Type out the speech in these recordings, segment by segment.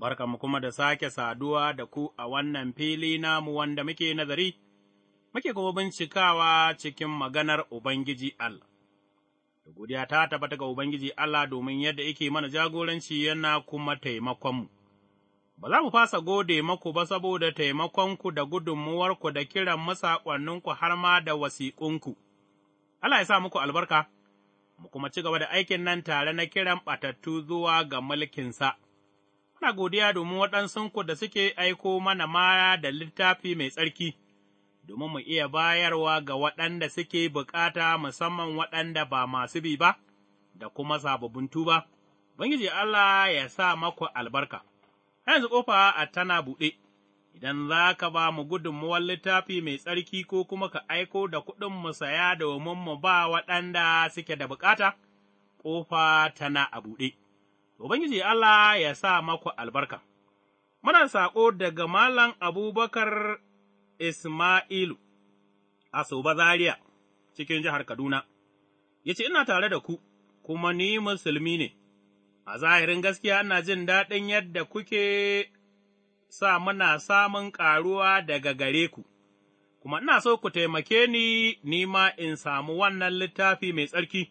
Barka mu kuma da sake saduwa da ku a wannan fili namu wanda muke nazari, muke kuma bincikawa cikin maganar Ubangiji Allah. Da godiya ta tabbata ga Ubangiji Allah domin yadda yake mana jagoranci yana kuma taimakonmu. Ba za mu fasa gode maku ba saboda taimakonku da gudunmuwarku da kiran masaƙonninku har ma da wasiƙunku. Allah ya sa muku albarka, mu kuma ci gaba da aikin nan tare na kiran ɓatattu zuwa ga mulkinsa. muna godiya domin waɗansunku da suke aiko mana mara da littafi mai tsarki, domin mu iya bayarwa ga waɗanda suke bukata musamman waɗanda ba masu bi ba, da kuma sababbin tuba. bangiji Allah ya sa maku albarka, yanzu ƙofa a tana buɗe, idan za ka ba mu gudunmuwar littafi mai tsarki ko kuma ka aiko da kuɗin mu saya domin mu ba waɗanda suke da bukata, ƙofa tana a buɗe. Ubangiji Allah ya sa maku albarka. Muna saƙo daga Malam Abubakar Ismailu a Soba Zaria cikin jihar Kaduna, ya ce, Ina tare da ku, kuma ni musulmi ne, a zahirin gaskiya ina jin daɗin yadda kuke sa muna samun ƙaruwa daga gare ku, kuma ina so ku taimake ni, ni ma in samu wannan littafi mai tsarki.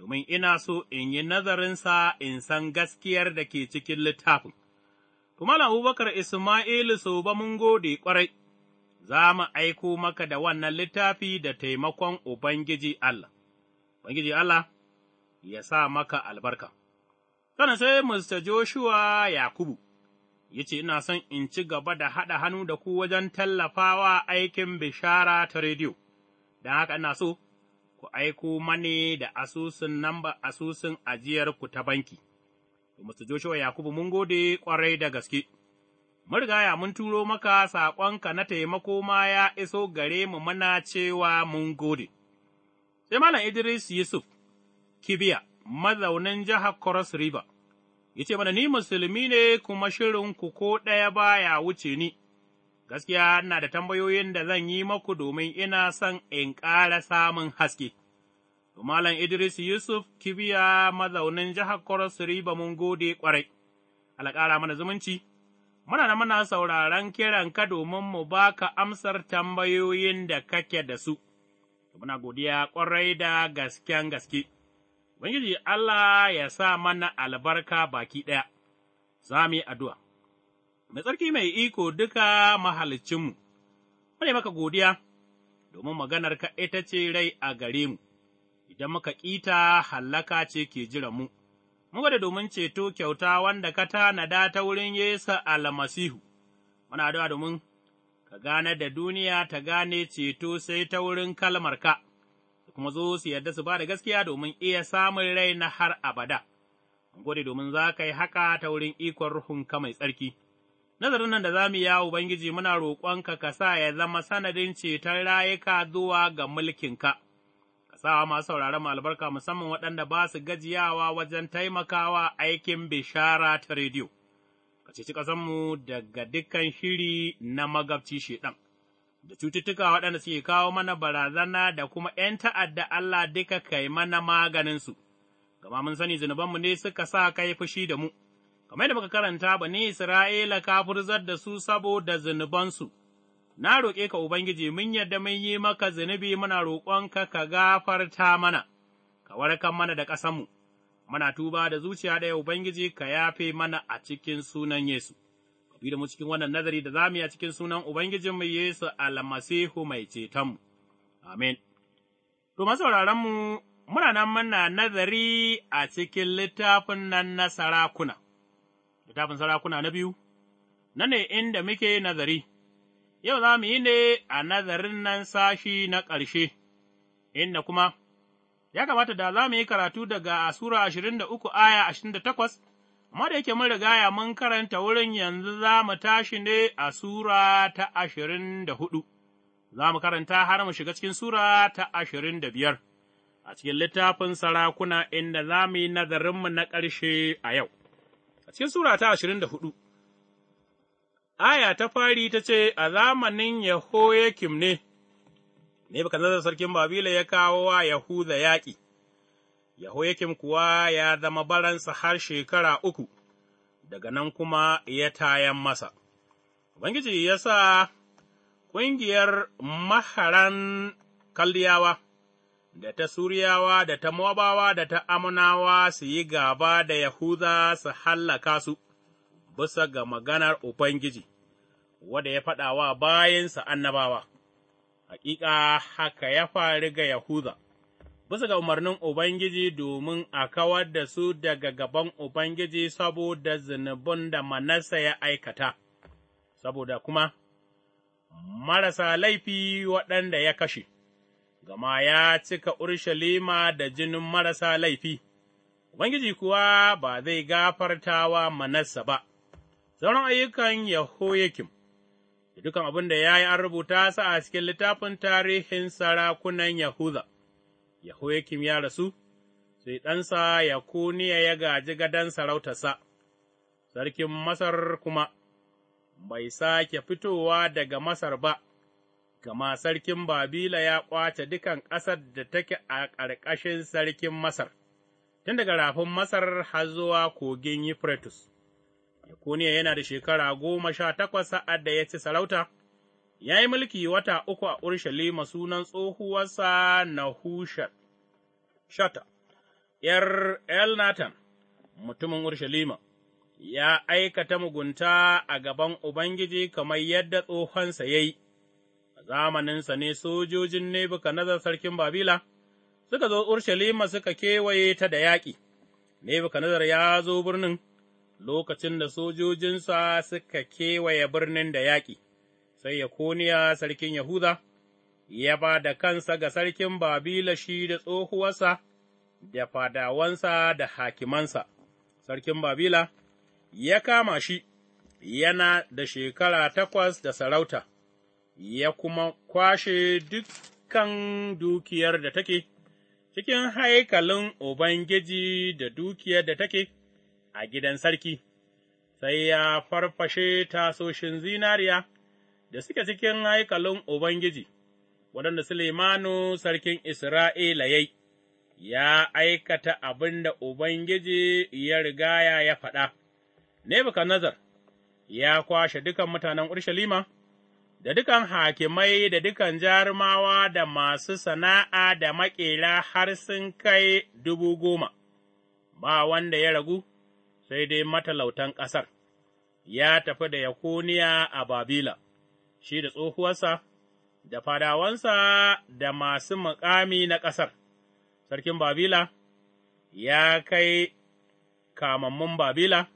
domin ina so in yi nazarinsa in san gaskiyar da ke cikin littafin. Kuma Abubakar Ismailu sau ba mun gode ƙwarai, za mu aiko maka da wannan littafi da taimakon Ubangiji Allah. Ubangiji Allah ya sa maka albarka. Sannan sai Mr. Joshua Yakubu ya ce, Ina son in ci gaba da haɗa hannu da ku wajen tallafawa aikin bishara ta rediyo, don haka ina so. ku aiko mani da asusun namba asusun ajiyarku ta banki. Mr. Joshua Yakubu mun gode ƙwarai da gaske, murgaya mun turo maka saƙonka na taimako ma ya iso gare mu mana cewa mun gode. Sai Malam Idris Yusuf Kibiya, mazaunin jihar Cross River, ya ce mana ni musulmi ne kuma shirin ku ko ɗaya baya wuce ni, gaskiya ina da tambayoyin da zan yi maku domin ina son in ƙara samun haske. Malam Idris Yusuf Kibiya mazaunin jihar Koros Riba mun gode ƙwarai, alƙara mana zumunci, muna da muna sauraron ka domin mu ba ka amsar tambayoyin da kake da su, muna godiya ƙwarai da gasken gaske. Ubangiji Allah ya sa mana albarka baki ɗaya, za mu yi addu'a. mai tsarki mai iko duka mahalicinmu, mune maka godiya, domin maganarka ita ce rai a gare mu, idan muka ƙita hallaka ce ke jira mu, mu gwada domin ceto kyauta wanda ka tanada ta wurin Yesu almasihu, muna da domin ka gane da duniya ta gane ceto sai ta wurin kalmarka, su kuma zo su yadda su ba da gaskiya domin iya samun rai na har abada. Mun Gode domin za ka yi haka ta wurin ikon ruhunka mai tsarki. Nazarin nan da za mu yi ya Ubangiji muna roƙonka ka sa ya zama sanadin ceton rayuka zuwa ga mulkinka, ka sa masu sauraron albarka musamman waɗanda ba su gajiyawa wajen taimakawa aikin bishara ta rediyo, ka ceci ƙasanmu daga dukkan shiri na magabci shaiɗan. Da cututtuka waɗanda suke kawo mana barazana da kuma ’yan ta'adda Allah duka kai mana maganinsu, gama mun sani zunubanmu ne suka sa kai fushi da mu. kamar da muka karanta ba ni Isra'ila ka furzar da su saboda zunubansu, na roƙe ka Ubangiji mun yadda mun yi maka zunubi muna roƙonka ka gafarta mana, ka warkar mana da ƙasanmu, muna tuba da zuciya ɗaya Ubangiji ka yafe mana a cikin sunan Yesu. Ka bi da mu cikin wannan nazari da za mu yi a cikin sunan Ubangijinmu Yesu almasihu mai cetonmu. Amin. To, masauraranmu, muna nan muna nazari a cikin littafin nan na sarakuna. littafin sarakuna na biyu, na ne inda muke nazari, yau za mu yi ne a nazarin nan sashi na ƙarshe, inda kuma ya kamata da za mu yi karatu daga Sura ashirin da uku aya ashirin da takwas, amma da yake mun rigaya mun karanta wurin yanzu za mu tashi ne a Sura ta ashirin da hudu, za mu karanta har mu shiga cikin Sura ta ashirin da biyar. A cikin littafin sarakuna inda za mu yi nazarinmu na ƙarshe a yau. a cikin Sura ta ashirin da hudu, aya ta fari ta ce, A zamanin Yahoyakim ne, Ne da sarkin Babila ya kawo wa Yahuda yaƙi, Yahoyakim kuwa ya zama baransa har shekara uku, daga nan kuma ya tayan masa. Bangiji ya sa ƙungiyar maharan Kaldiyawa. da ta Suriyawa, da ta Mobawa, da ta Amunawa su yi gaba da Yahuza su hallaka su, bisa ga maganar Ubangiji, wada ya faɗa wa bayansa annabawa, hakika haka ya faru ga Yahuza, bisa ga umarnin Ubangiji domin a kawar da su daga gaban Ubangiji saboda zunubin da manasa ya aikata, saboda kuma marasa laifi waɗanda ya kashe. gama ya cika Urushalima da jinin marasa laifi, Ubangiji kuwa ba zai gafartawa manassa ba, sauran ayyukan Yahoyakim, da dukan abin da ya yi an rubuta sa a cikin littafin tarihin sarakunan Yahuda, Yahoyakim ya rasu, sai ɗansa ya kuniya ya gaji gadon sarautarsa, sarkin Masar kuma bai sake fitowa daga Masar ba. gama sarkin Babila ya ƙwace dukan ƙasar da take a ƙarƙashin sarkin Masar, tun daga rafin Masar har zuwa kogin yifretus Yakuniya yana da shekara goma sha takwas sa'ad da ya ci sarauta, ya yi mulki wata uku a Urshalima sunan tsohuwarsa Nahushat, Shata, ’yar Elnatan, mutumin Urshalima, ya aikata mugunta a gaban Ubangiji kamar yadda tsohonsa ya yi. zamaninsa ne sojojin Nebukadnezzar sarkin Babila suka zo Urshalima suka kewaye ta da yaƙi, Nebukadnezzar ya zo birnin lokacin da sojojinsa suka kewaye birnin da yaƙi, sai ya Yakoniya sarkin Yahuda ya ba da kansa ga sarkin Babila shi da tsohuwarsa da fadawansa da hakimansa, sarkin Babila ya kama shi yana da shekara takwas da sarauta. ya kuma kwashe dukkan dukiyar da take, cikin haikalin Ubangiji da dukiyar da take a gidan sarki, sai ya farfashe tasoshin zinariya da suke cikin haikalin Ubangiji, waɗanda Sulemanu sarkin Isra'ila ya ya aikata abin da Ubangiji ya rigaya ya faɗa, nazar ya kwashe dukan mutanen Urshalima. da dukan hakimai da dukan jarumawa da masu sana'a da maƙera har sun kai dubu goma, ba wanda ya ragu sai dai matalautan ƙasar, ya tafi da Yakuniya a Babila, shi da tsohuwarsa, da fadawansa da masu muƙami na ƙasar, sarkin Babila ya kai kamammun Babila,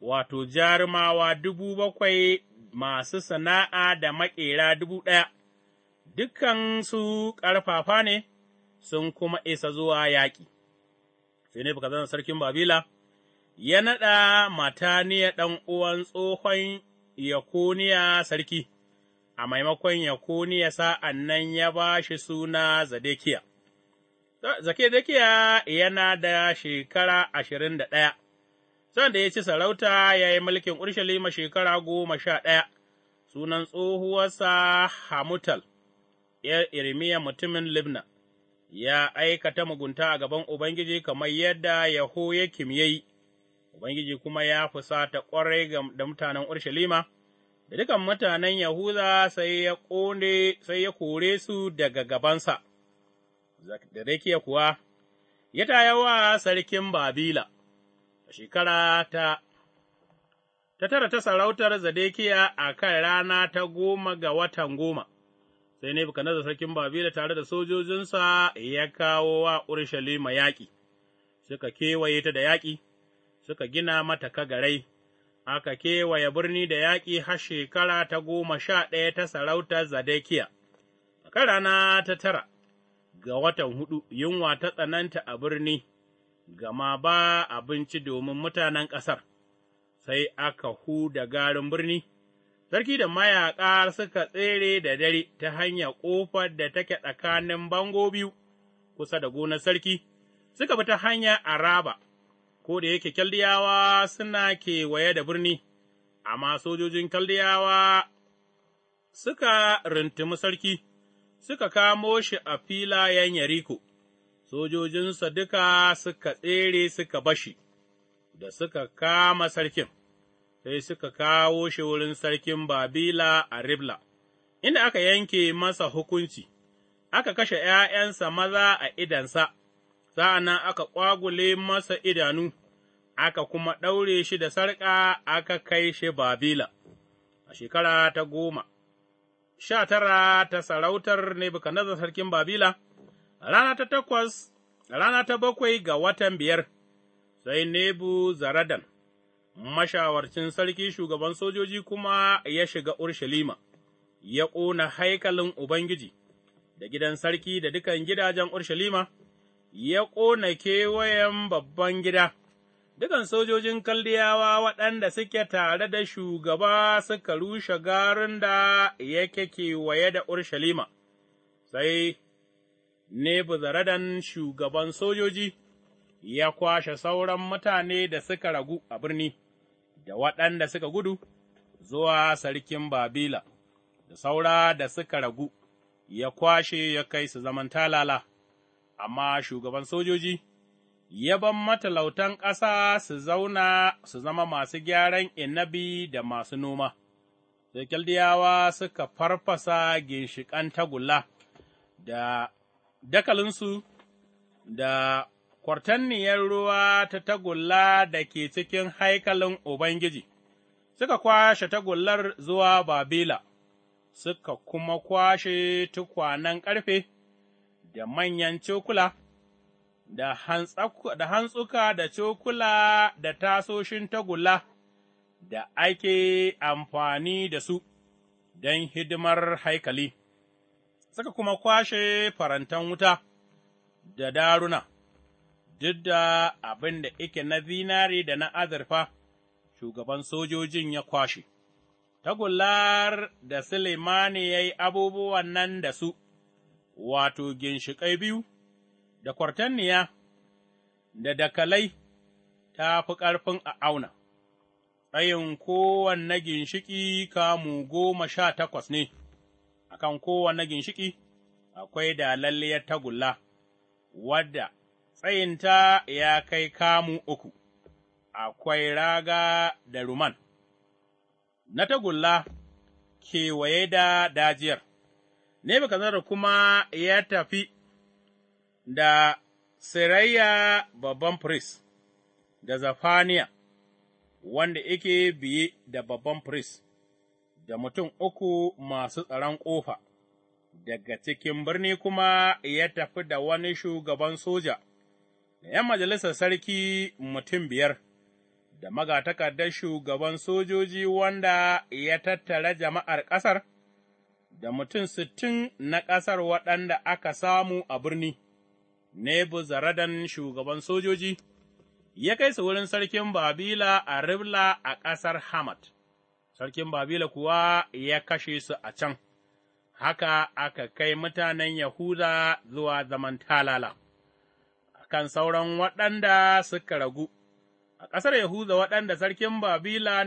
wato jarumawa dubu bakwai masu sana'a da maƙera dubu ɗaya, dukansu ƙarfafa ne sun kuma isa zuwa yaƙi. Finifkazan sarkin Babila ya naɗa Mataniya ɗan uwan tsohon Yakuniya sarki, a maimakon Yakuniya sa'an nan ya ba shi suna Zadekiya. Zadekiya yana da shekara ashirin da ɗaya. da ya ci sarauta ya yi mulkin Urshalima shekara goma sha ɗaya, sunan tsohuwarsa Hamutal, ’yar Irmiya mutumin Libna, ya aikata mugunta a gaban Ubangiji kamar yadda Yahoyakim ya yi, Ubangiji kuma ya fusata ƙwarai da mutanen Urshalima, da dukan mutanen Yahuza sai ya kore su daga gabansa, Zedekiya kuwa, ya taya sarkin Babila. a shekara ta ta tara ta sarautar Zadekiya a kan rana ta goma ga watan goma, sai nazar sarkin Babila tare da sojojinsa ya kawo wa Urushalima yaƙi, suka kewaye ta da yaƙi, suka gina mata kagarai, aka kewaye birni da yaƙi har shekara ta goma sha ɗaya ta sarautar Zadekiya, a kan rana ta tara ga watan huɗu yunwa ta tsananta a birni. gama ba abinci domin mutanen ƙasar, sai aka huda garin birni, sarki da mayaƙa suka tsere da dare ta hanyar ƙofar da take tsakanin bango biyu kusa da gonar sarki, suka bi ta hanyar araba, ko da yake kyaldiyawa suna kewaye da birni, amma sojojin kyaldiyawa suka rintumi sarki, suka kamo shi a filayen Yariko. sojojinsa duka suka tsere suka bashi, da suka kama sarkin, sai suka kawo shi wurin sarkin Babila a Ribla, inda aka yanke masa hukunci, aka kashe ’ya'yansa maza a idansa, sa'an nan aka ƙwagule masa idanu, aka kuma ɗaure shi da sarƙa aka kai shi Babila, a shekara ta goma. Sha tara ta sarautar Nebukadnezzar sarkin Babila, rana ta takwas, rana ta bakwai ga watan biyar, sai Nebu Zaradan, mashawarcin sarki shugaban sojoji kuma ya shiga Urshalima, ya ƙona haikalin Ubangiji, da gidan sarki da dukan gidajen Urshalima, ya ƙona kewayen babban gida. dukan sojojin kaldiyawa waɗanda suke tare da shugaba suka rushe garin da yake kewaye da Urshalima, sai Nebuzaradan shugaban sojoji ya kwashe sauran mutane da suka ragu a birni, da waɗanda suka gudu zuwa sarkin Babila, da saura da suka ragu, ya kwashe ya kai su zaman talala, amma shugaban sojoji ya ban matalautan ƙasa su zauna su zama masu gyaran inabi da masu noma. Sai suka farfasa ginshiƙan tagulla da dakalinsu da kwartanniyar ruwa ta tagulla da ke cikin haikalin Ubangiji, suka kwashe tagullar zuwa Babila, suka kuma kwashe tukwanen ƙarfe da manyan cokula, da hantsuka da cokula da tasoshin tagulla da ake amfani da su don hidimar haikali. suka kuma kwashe farantan wuta da daruna, duk da abin da ike na zinari da na azurfa, shugaban sojojin ya kwashe. Tagullar da Suleimani ya yi abubuwan nan da su, wato ginshiƙai biyu, da kwartanniya, da dakalai, ta fi ƙarfin a auna, tsayin kowanne ginshiƙi kamu goma sha takwas ne. a kan kowane ginshiƙi akwai da lalliyar tagulla, wadda tsayinta ya kai kamu uku, akwai raga da ruman, na tagulla kewaye da dajiyar, Nebukadnezzar kuma ya tafi da Sirayya babban firist da Zafaniya, wanda yake biye da babban firis da mutum uku masu tsaron ƙofa, daga cikin birni kuma ya tafi da wani shugaban soja, da ’yan majalisar sarki mutum biyar, da magatakardar shugaban sojoji wanda ya tattara jama'ar ƙasar, da mutum sittin na ƙasar waɗanda aka samu a birni, zaradan shugaban sojoji, ya kai su wurin sarkin Babila a Ribla a ƙasar Hamad. sarkin Babila kuwa ya kashe su a can, haka aka kai mutanen Yahuda zuwa zaman talala, kan sauran waɗanda suka ragu. A ƙasar Yahuda waɗanda sarkin Babila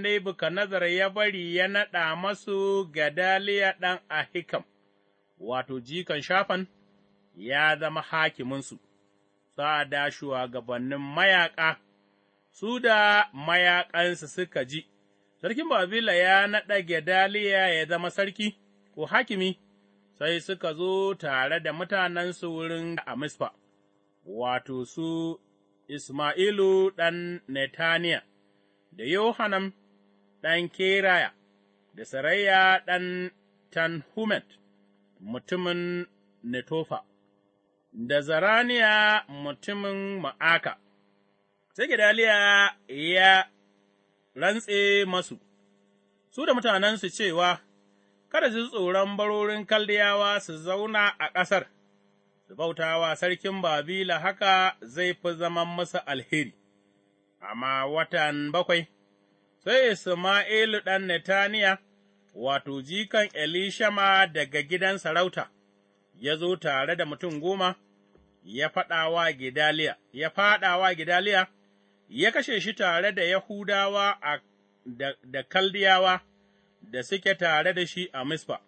nazar ya bari ya naɗa masu Gadaliya ɗan Ahikam, wato jikan shafan, ya zama hakiminsu, sa'ada shugabannin mayaƙa, su da mayaƙansu suka ji. sarkin Babila ya naɗa Gedaliya ya zama sarki ko hakimi, sai suka zo tare da mutanensu wurin a Misfa, wato su Ismailu ɗan Netaniya, da Yohanan ɗan Keraya, da Sarayya ɗan Tanhumet, mutumin Netofa, da Zaraniya mutumin Ma'aka. Sai Gedaliya ya rantse masu, su da mutanensu cewa, Kada su tsoron barorin Kaldiyawa su zauna a ƙasar, su bautawa sarkin Babila haka zai fi zaman musu alheri, amma watan bakwai, sai Isma'ilu ɗan Netaniya, wato jikan Elishama daga gidan sarauta, ya zo tare da mutum goma, ya faɗawa Gidaliya, ya faɗawa Gidaliya, ya kashe shi tare da Yahudawa da, da Kaldiyawa da suke tare da shi a Misfa,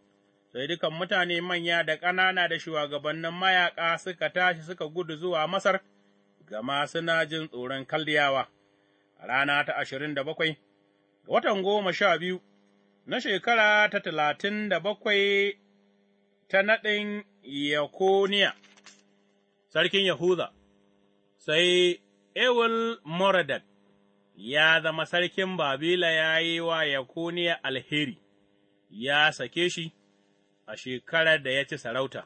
sai dukan mutane manya da ƙanana da shugabannin mayaƙa suka tashi suka gudu zuwa Masar, gama suna jin tsoron Kaldiyawa. A rana ta ashirin da bakwai, ga watan goma sha biyu, na shekara ta talatin da bakwai ta naɗin Yakoniya, sarkin Yahuda, sai Ewel Moradat ya zama sarkin Babila ya yi wa Yakuniya alheri, ya sake shi a shekarar da ya ci sarauta,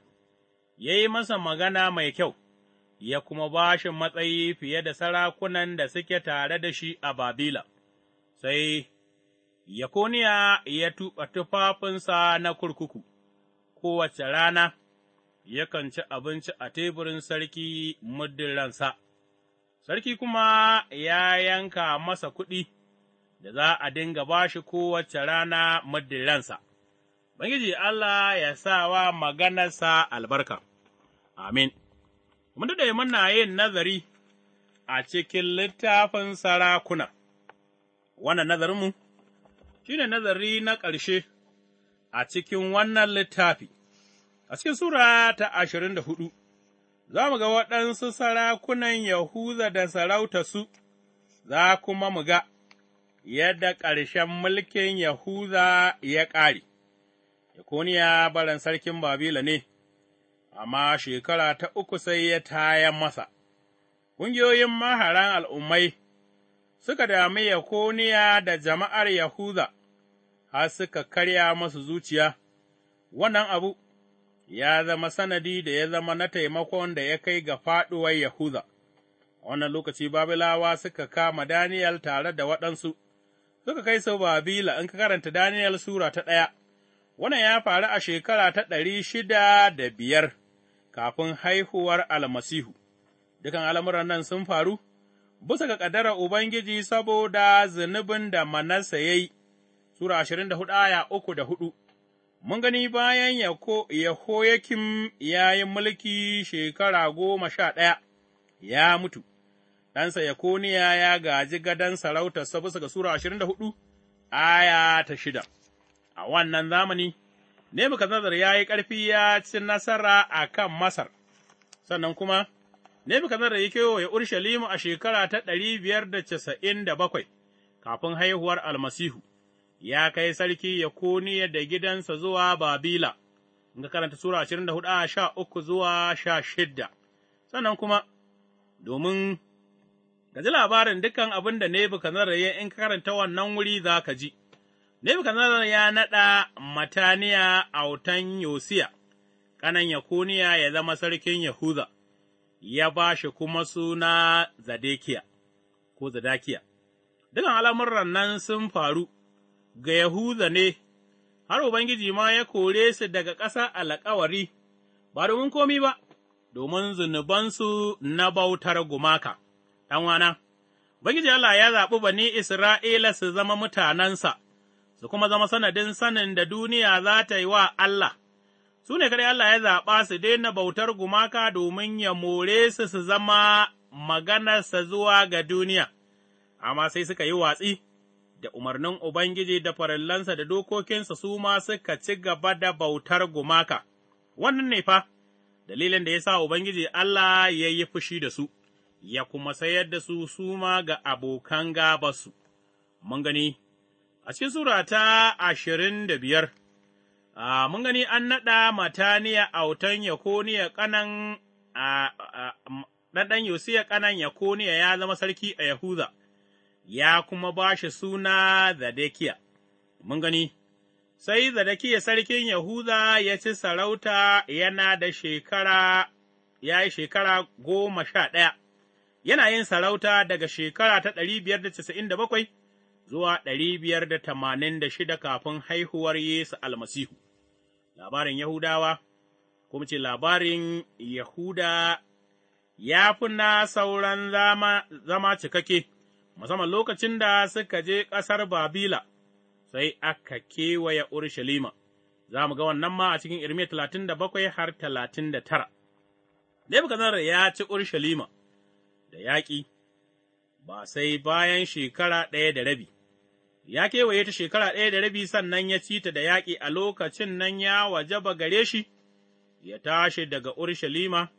ya yi masa magana mai kyau, ya kuma ba shi matsayi fiye da sarakunan da suke tare da shi a Babila, sai Yakuniya ya tuɓa tufafinsa na kurkuku, kowace rana yakan ci abinci a teburin sarki muddin ransa. sarki kuma ya yanka masa kuɗi da za a dinga ba shi kowace rana muddin ransa. Bangiji Allah ya sa wa maganarsa albarka, amin. Mun daɗe muna yin nazari a cikin littafin sarakuna, wannan nazarinmu shi ne nazari na ƙarshe a cikin wannan littafi, a cikin Sura ta ashirin da hudu. za mu ga waɗansu sarakunan Yahuza da sarauta su, za kuma mu ga yadda ƙarshen mulkin Yahuza ya ƙare. Yakuniya baran sarkin Babila ne, amma shekara ta uku sai ya taya masa, ƙungiyoyin maharan al'ummai suka dami Yakuniya da jama'ar Yahuza, har suka karya masu zuciya, wannan abu ya zama sanadi da ya zama na taimakon da ya kai ga faɗuwar Yahuza. Wannan lokaci Babilawa suka kama Daniyal tare da waɗansu, suka kai su Babila in ka karanta Daniyal Sura ta ɗaya, wannan ya faru a shekara ta ɗari shida da biyar kafin haihuwar almasihu. Dukan al'amuran nan sun faru, bisa ga ƙaddarar Ubangiji saboda zunubin da manasa ya yi, Sura ashirin da hudu aya uku da hudu. mun gani bayan Yahoyakim ya yi mulki shekara goma sha ɗaya, ya mutu, ɗansa ya Yakoniya ya gaji gadon sarautarsa bisa ga Sura ashirin da hudu, aya ta shida. A wannan zamani, Nebukadnezzar ya yi ƙarfi ya ci nasara a kan Masar, sannan kuma, Nebukadnezzar ya ya Urshalima a shekara ta ɗari biyar da casa'in da bakwai, kafin haihuwar Almasihu. ya kai sarki ya kuniya da gidansa zuwa Babila, in ka karanta Sura ashirin da hudu sha uku zuwa sha shidda, sannan kuma domin ka ji labarin dukan abin da kan ya in karanta wannan wuri za ka ji. Nebukadnezzar ya naɗa Mataniya a autan Yosiya, ƙanan Yakuniya ya zama sarkin yahuza ya ba shi kuma suna Zadekiya ko Zadakiya. Dukan al'amuran nan sun faru ga Yahuda ne, har Ubangiji ma ya kore su daga ƙasa alƙawari, ba domin komi ba, domin zunubansu na bautar gumaka, ɗanwana. Ubangiji Allah ya zaɓi bani Isra'ila su zama mutanensa, su kuma zama sanadin sanin da duniya za ta yi wa Allah, su ne kare Allah ya zaɓa su daina bautar gumaka domin ya more su su zama maganarsa zuwa ga duniya, amma sai suka yi watsi. da umarnin Ubangiji da farillansa da dokokinsa su ma suka ci gaba da bautar gumaka, wannan ne fa, dalilin da ya sa Ubangiji Allah ya yi fushi da su, ya kuma sayar da su su ma ga abokan gabasu. Mun gani, a cikin Sura ta ashirin da biyar, mun gani an naɗa Mataniya autan Yakoniya ƙanan ɗanɗan Yosiya ƙanan koniya ya zama sarki a Yahuza. ya kuma ba shi suna Zadekiya, Mun gani, sai Zadekiya sarkin Yahuda ya ci sarauta yana da shekara, ya yi shekara goma sha ɗaya, yana yin sarauta daga shekara ta ɗari biyar da casa'in da bakwai zuwa ɗari biyar da tamanin da shida kafin haihuwar Yesu almasihu. Labarin Yahudawa, kuma ce labarin Yahuda ya fi na sauran zama, zama cikakke. musamman lokacin da suka je ƙasar Babila, sai aka kewaye Urushalima, za mu ga wannan ma a cikin Irmiya talatin da bakwai har talatin da tara. Nebukadnezzar ya ci Urushalima da yaƙi, ba sai bayan shekara ɗaya da rabi. Ya kewaye ta shekara ɗaya da rabi sannan ya ci ta da yaƙi a lokacin nan ya wajaba gare shi, ya tashi daga Urushalima.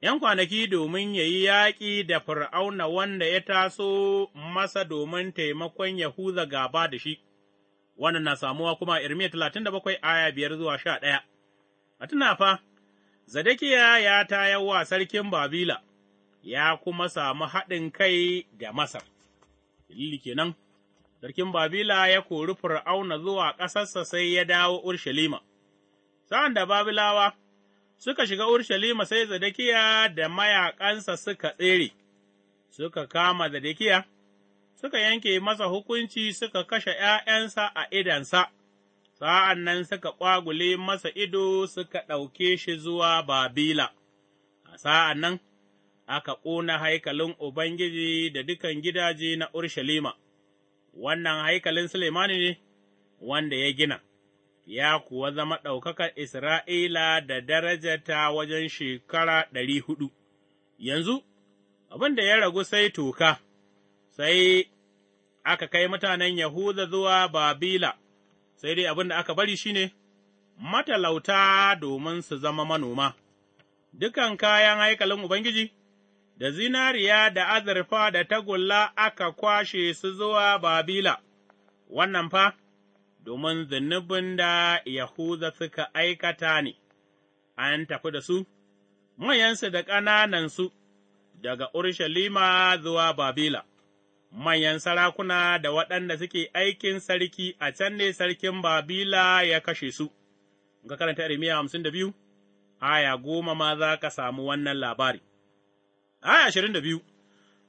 ’yan kwanaki domin ya yi yaƙi da Fir'auna wanda ya taso masa domin taimakon Yahuza gaba da shi, wannan na samuwa kuma Irmiya talatin da bakwai aya biyar zuwa sha ɗaya. A tuna fa, Zadekiya ya tayar wa sarkin Babila, ya kuma samu haɗin kai da Masar, dalili kenan, sarkin Babila ya kori Fir'auna zuwa ƙasarsa sai ya dawo Urshalima, sa'an da Babilawa. suka shiga Urshalima sai Zedekiya da mayaƙansa suka tsere, suka kama Zedekiya, suka yanke masa hukunci suka kashe ’ya'yansa a idansa, sa'an nan suka ƙwagule masa ido suka ɗauke shi zuwa Babila, a sa'an nan aka ƙona haikalin Ubangiji da dukan gidaje na Urshalima, wannan haikalin Suleimani ne wanda ya gina. ya kuwa zama ɗaukakar Isra'ila da darajata wajen shekara ɗari huɗu. Yanzu, abin da ya ragu sai toka, sai aka kai mutanen Yahuda zuwa Babila, sai dai abin da aka bari shi ne, matalauta domin su zama manoma, dukan kayan haikalin Ubangiji, da zinariya da azurfa da tagulla aka kwashe su zuwa Babila, wannan fa. domin zunubin da yahuza suka aikata ne, an tafi da su, manyansu da ƙananansu daga Urushalima zuwa Babila, manyan sarakuna da waɗanda suke aikin sarki a can ne sarkin Babila ya kashe su, ga karanta Irmiya hamsin da biyu, aya goma ma za ka samu wannan labari. Aya ashirin da biyu.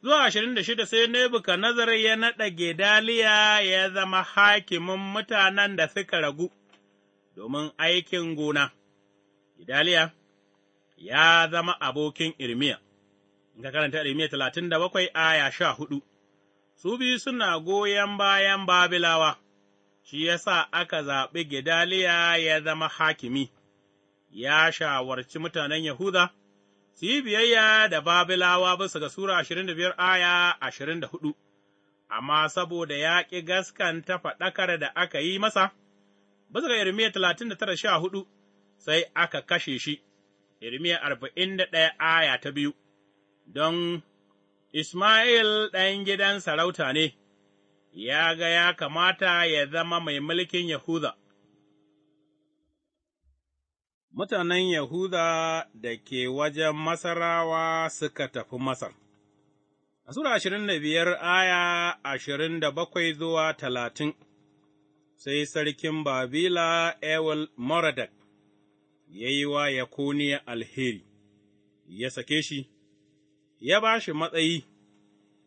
Zuwa ashirin da shida sai Nebukadnezzar ya naɗa Gedaliya ya zama hakimin mutanen da suka ragu domin aikin gona. Gedaliya ya zama abokin Irmiya, in ka karanta Irmiya talatin da bakwai aya sha hudu, su biyu suna goyon bayan Babilawa, shi ya sa aka zaɓi Gedaliya ya zama hakimi, ya shawarci mutanen Yahuda. su yi biyayya da Babilawa bisa ga Sura ashirin da biyar aya ashirin da hudu, amma saboda ya ƙi gaskanta faɗakar da aka yi masa, bisa ga Irmiya talatin da tara sha hudu sai aka kashe shi, Irmiya arba'in da ɗaya aya ta biyu, don Ismail ɗan gidan sarauta ne, ya ga ya kamata ya zama mai mulkin Yahuda. mutanen Yahuda da ke wajen Masarawa suka tafi Masar. A Sura ashirin da biyar aya ashirin da bakwai zuwa talatin, sai sarkin Babila Ewel Moradak ya yi wa Yakuniya alheri, ya sake shi, ya ba shi matsayi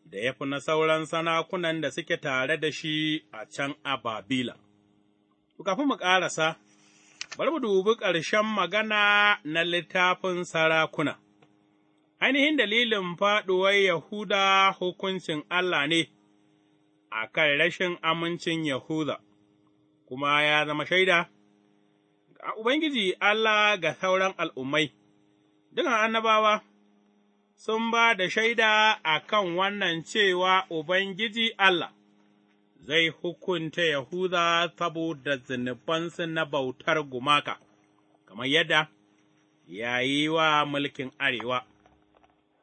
da ya fi na sauran sanakunan da suke tare da shi a can a Babila. Kafin mu ƙarasa. bari mu dubi ƙarshen magana na littafin sarakuna. Ainihin dalilin faɗuwar Yahuda hukuncin Allah ne a kan rashin amincin Yahuda, kuma ya zama shaida, ga Ubangiji Allah ga sauran al'ummai, dukan annabawa sun ba da shaida a kan wannan cewa Ubangiji Allah. zai hukunta Yahuda saboda zinubansu na bautar gumaka, kamar yadda ya yi wa mulkin Arewa.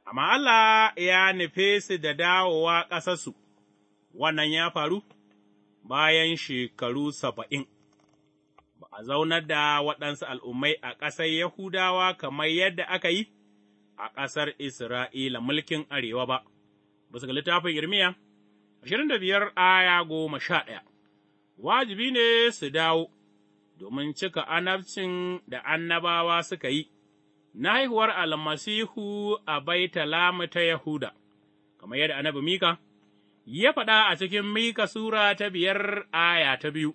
Amma Allah ya nufe su da dawowa ƙasarsu, wannan ya faru bayan shekaru saba'in. Ba a zaunar da waɗansu al'ummai a ƙasar Yahudawa kamar yadda aka yi a ƙasar Isra'ila mulkin Arewa ba, bisa ga littafin Irmiya. ashirin da biyar aya goma sha ɗaya, wajibi ne su dawo, domin cika annabcin da annabawa suka yi, na haihuwar almasihu a bai ta Yahuda, kamar yadda annabi Mika, ya faɗa a cikin Mika Sura ta biyar aya ta biyu,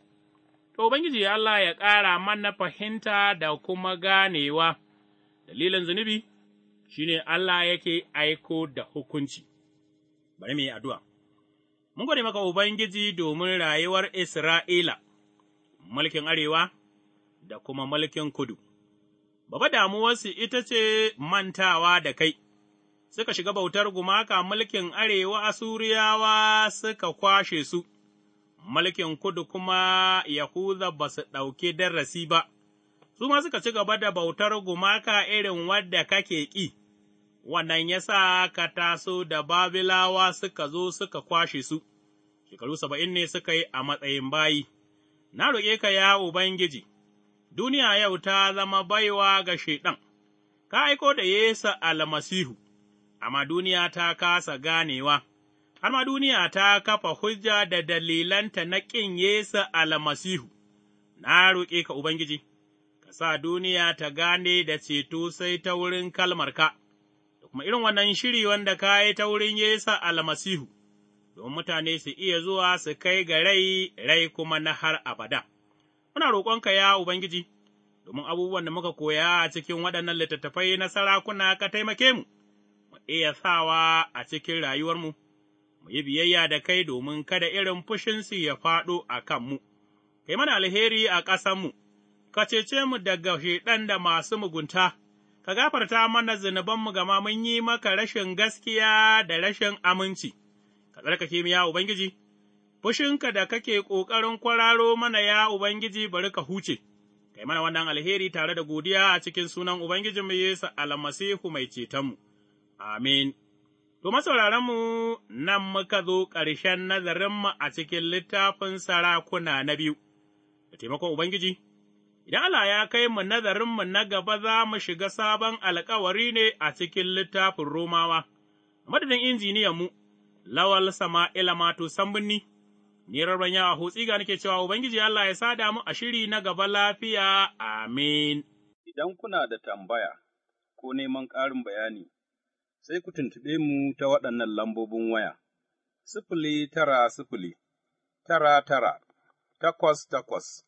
to Ubangiji Allah ya ƙara mana fahimta da kuma ganewa, dalilin zunubi shi ne Allah yake aiko da hukunci, bari mu yi addu'a. Mun gode maka Ubangiji domin rayuwar Isra'ila, mulkin Arewa da kuma mulkin Kudu, baba damuwarsu ita ce mantawa da kai, suka shiga bautar gumaka mulkin Arewa Asuriyawa suka kwashe su, mulkin Kudu kuma Yahuza ba su ɗauki darasi ba, su ma suka ci gaba da bautar gumaka irin wadda kake ƙi. wannan ya sa ka taso da Babilawa suka zo suka kwashe su, shekaru saba'in ne suka yi a matsayin bayi. Na roƙe ka ya Ubangiji, duniya yau ta zama baiwa ga Shaiɗan, ka aiko da Yesu almasihu, amma duniya ta kasa ganewa, har ma duniya ta kafa hujja da dalilanta na ƙin Yesu almasihu. Na roƙe ka Ubangiji, ka sa duniya ta gane da ceto sai ta wurin kalmarka. ka. kuma irin wannan shiri wanda ka yi ta wurin Yesu almasihu, don mutane su iya zuwa su kai ga rai, rai kuma na har abada. Muna roƙonka ya Ubangiji, domin abubuwan da muka koya a cikin waɗannan littattafai na sarakuna ka taimake mu, mu iya sawa a cikin rayuwarmu, mu yi biyayya da kai domin kada irin fushinsu ya faɗo a kanmu. Kai mana alheri a ƙasanmu, ka cece mu daga shiɗan da masu mugunta. ka gafarta mana zunubanmu gama mun yi maka rashin gaskiya da rashin aminci, ka tsarkake mu ya Ubangiji, fushinka da kake ƙoƙarin kwararo mana ya Ubangiji bari ka huce, kai mana wannan alheri tare da godiya a cikin sunan Ubangijinmu Yesu almasihu mai cetonmu. Amin. To, masauraranmu nan muka zo ƙarshen nazarinmu a cikin littafin sarakuna na biyu, da taimakon Ubangiji. Idan Allah ya kai mu nazarinmu na gaba za mu shiga sabon alkawari ne a cikin littafin Romawa, madadin injiniyan mu, Lawal Sama'ila Mato Sambunni, ni rarban yawa hotsi ga nake cewa Ubangiji Allah ya sada mu a shiri na gaba lafiya, amin. Idan kuna da tambaya ko neman ƙarin bayani, sai ku tuntuɓe mu ta waɗannan lambobin waya, sifili tara sifili, tara tara, takwas takwas.